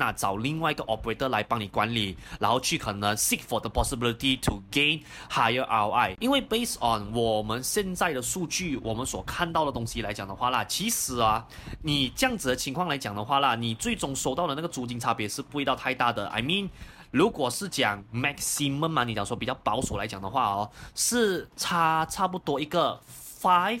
那找另外一個 operator 來幫你管理，然後去可能 seek for the possibility to gain higher ROI。因為 based on 我們現在的數據，我們所看到的東西來講的話啦，其實啊，你這樣子的情況來講的話啦，你最終收到的那個租金差別是不會到太大的。I mean，如果是講 maximum 嘛，你講說比較保守來講的話哦，是差差不多一個 five。